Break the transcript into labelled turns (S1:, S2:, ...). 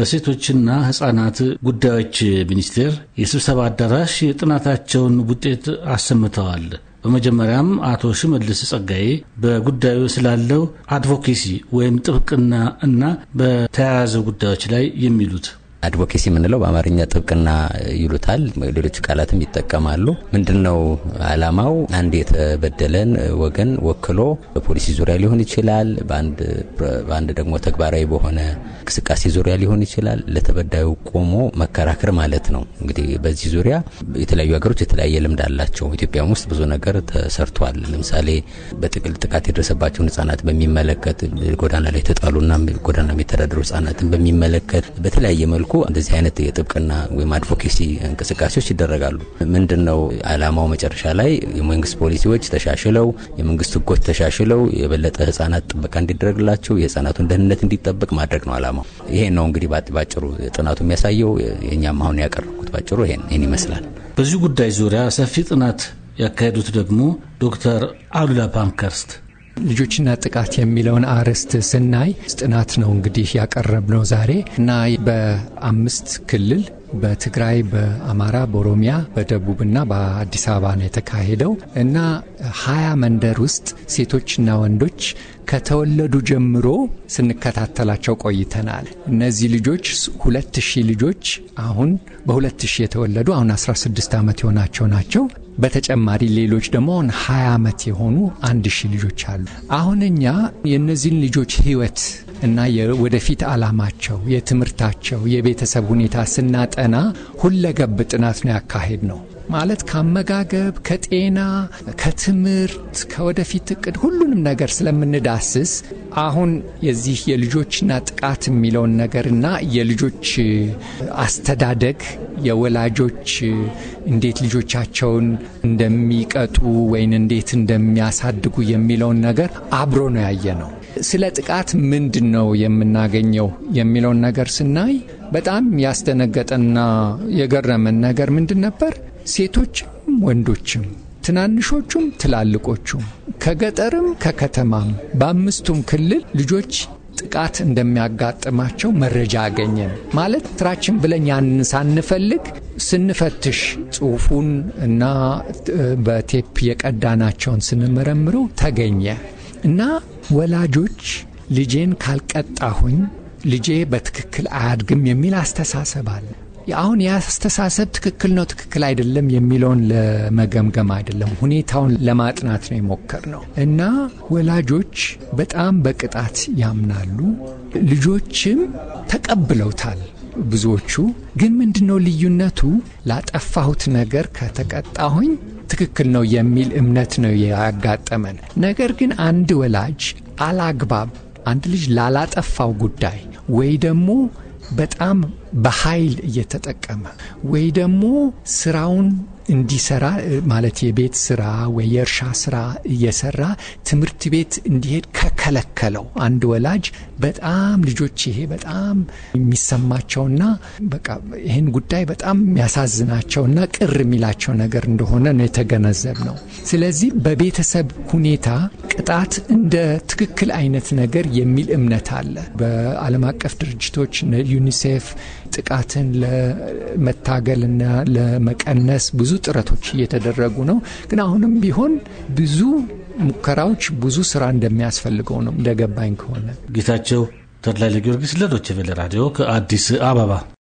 S1: በሴቶችና ህጻናት ጉዳዮች ሚኒስቴር የስብሰባ አዳራሽ የጥናታቸውን ውጤት አሰምተዋል። በመጀመሪያም አቶ ሽመልስ ጸጋዬ በጉዳዩ ስላለው አድቮኬሲ ወይም ጥብቅና እና በተያያዘ
S2: ጉዳዮች ላይ የሚሉት አድቮኬሲ የምንለው በአማርኛ ጥብቅና ይሉታል፣ ሌሎች ቃላትም ይጠቀማሉ። ምንድን ነው አላማው? አንድ የተበደለን ወገን ወክሎ በፖሊሲ ዙሪያ ሊሆን ይችላል፣ በአንድ ደግሞ ተግባራዊ በሆነ እንቅስቃሴ ዙሪያ ሊሆን ይችላል። ለተበዳዩ ቆሞ መከራከር ማለት ነው። እንግዲህ በዚህ ዙሪያ የተለያዩ ሀገሮች የተለያየ ልምድ አላቸው። ኢትዮጵያም ውስጥ ብዙ ነገር ተሰርቷል። ለምሳሌ በጥቅል ጥቃት የደረሰባቸውን ህጻናት በሚመለከት ጎዳና ላይ የተጣሉና ጎዳና የሚተዳደሩ ህጻናትን በሚመለከት በተለያየ መልኩ መልኩ እንደዚህ አይነት የጥብቅና ወይም አድቮኬሲ እንቅስቃሴዎች ይደረጋሉ። ምንድን ነው አላማው? መጨረሻ ላይ የመንግስት ፖሊሲዎች ተሻሽለው፣ የመንግስት ህጎች ተሻሽለው የበለጠ ህጻናት ጥበቃ እንዲደረግላቸው፣ የህጻናቱን ደህንነት እንዲጠበቅ ማድረግ ነው አላማው። ይሄን ነው እንግዲህ ባጭሩ ጥናቱ የሚያሳየው። የእኛም አሁን ያቀረብኩት ባጭሩ ይሄን ይመስላል። በዚህ ጉዳይ
S1: ዙሪያ ሰፊ ጥናት ያካሄዱት ደግሞ ዶክተር አሉላ ፓንከርስት
S3: ልጆችና ጥቃት የሚለውን አርዕስት ስናይ ጥናት ነው እንግዲህ ያቀረብነው ዛሬ እና በአምስት ክልል በትግራይ፣ በአማራ፣ በኦሮሚያ፣ በደቡብና በአዲስ አበባ ነው የተካሄደው እና ሀያ መንደር ውስጥ ሴቶችና ወንዶች ከተወለዱ ጀምሮ ስንከታተላቸው ቆይተናል። እነዚህ ልጆች ሁለት ሺህ ልጆች አሁን በሁለት ሺህ የተወለዱ አሁን 16 ዓመት የሆናቸው ናቸው። በተጨማሪ ሌሎች ደግሞ አሁን 20 ዓመት የሆኑ አንድ ሺህ ልጆች አሉ። አሁን እኛ የእነዚህን ልጆች ህይወት እና የወደፊት ዓላማቸው፣ የትምህርታቸው፣ የቤተሰብ ሁኔታ ስናጠና ሁለገብ ጥናት ነው ያካሄድ ነው ማለት ከአመጋገብ፣ ከጤና፣ ከትምህርት፣ ከወደፊት እቅድ ሁሉንም ነገር ስለምንዳስስ አሁን የዚህ የልጆችና ጥቃት የሚለውን ነገርና የልጆች አስተዳደግ የወላጆች እንዴት ልጆቻቸውን እንደሚቀጡ ወይም እንዴት እንደሚያሳድጉ የሚለውን ነገር አብሮ ነው ያየ ነው። ስለ ጥቃት ምንድን ነው የምናገኘው የሚለውን ነገር ስናይ በጣም ያስደነገጠና የገረመን ነገር ምንድን ነበር? ሴቶችም ወንዶችም፣ ትናንሾቹም ትላልቆቹም፣ ከገጠርም ከከተማም በአምስቱም ክልል ልጆች ጥቃት እንደሚያጋጥማቸው መረጃ አገኘን። ማለት ትራችን ብለን ያንን ሳንፈልግ ስንፈትሽ ጽሁፉን እና በቴፕ የቀዳናቸውን ስንመረምረው ተገኘ። እና ወላጆች ልጄን ካልቀጣሁኝ ልጄ በትክክል አያድግም የሚል አስተሳሰብ አለ። አሁን የአስተሳሰብ ትክክል ነው ትክክል አይደለም የሚለውን ለመገምገም አይደለም፣ ሁኔታውን ለማጥናት ነው የሞከር ነው እና ወላጆች በጣም በቅጣት ያምናሉ፣ ልጆችም ተቀብለውታል። ብዙዎቹ ግን ምንድን ነው ልዩነቱ? ላጠፋሁት ነገር ከተቀጣሁኝ ትክክል ነው የሚል እምነት ነው ያጋጠመን። ነገር ግን አንድ ወላጅ አላግባብ አንድ ልጅ ላላጠፋው ጉዳይ ወይ ደግሞ በጣም በኃይል እየተጠቀመ ወይ ደግሞ ስራውን እንዲሰራ ማለት የቤት ስራ ወይ የእርሻ ስራ እየሰራ ትምህርት ቤት እንዲሄድ ከከለከለው አንድ ወላጅ በጣም ልጆች ይሄ በጣም የሚሰማቸውና በቃ ይህን ጉዳይ በጣም የሚያሳዝናቸውና ቅር የሚላቸው ነገር እንደሆነ ነው የተገነዘብ ነው። ስለዚህ በቤተሰብ ሁኔታ ቅጣት እንደ ትክክል አይነት ነገር የሚል እምነት አለ። በዓለም አቀፍ ድርጅቶች ዩኒሴፍ ጥቃትን ለመታገልና ለመቀነስ ብዙ ጥረቶች እየተደረጉ ነው። ግን አሁንም ቢሆን ብዙ ሙከራዎች፣ ብዙ ስራ እንደሚያስፈልገው ነው እንደገባኝ ከሆነ ጌታቸው ተድላ ለጊዮርጊስ ለዶቼ ቬለ ራዲዮ ከአዲስ አበባ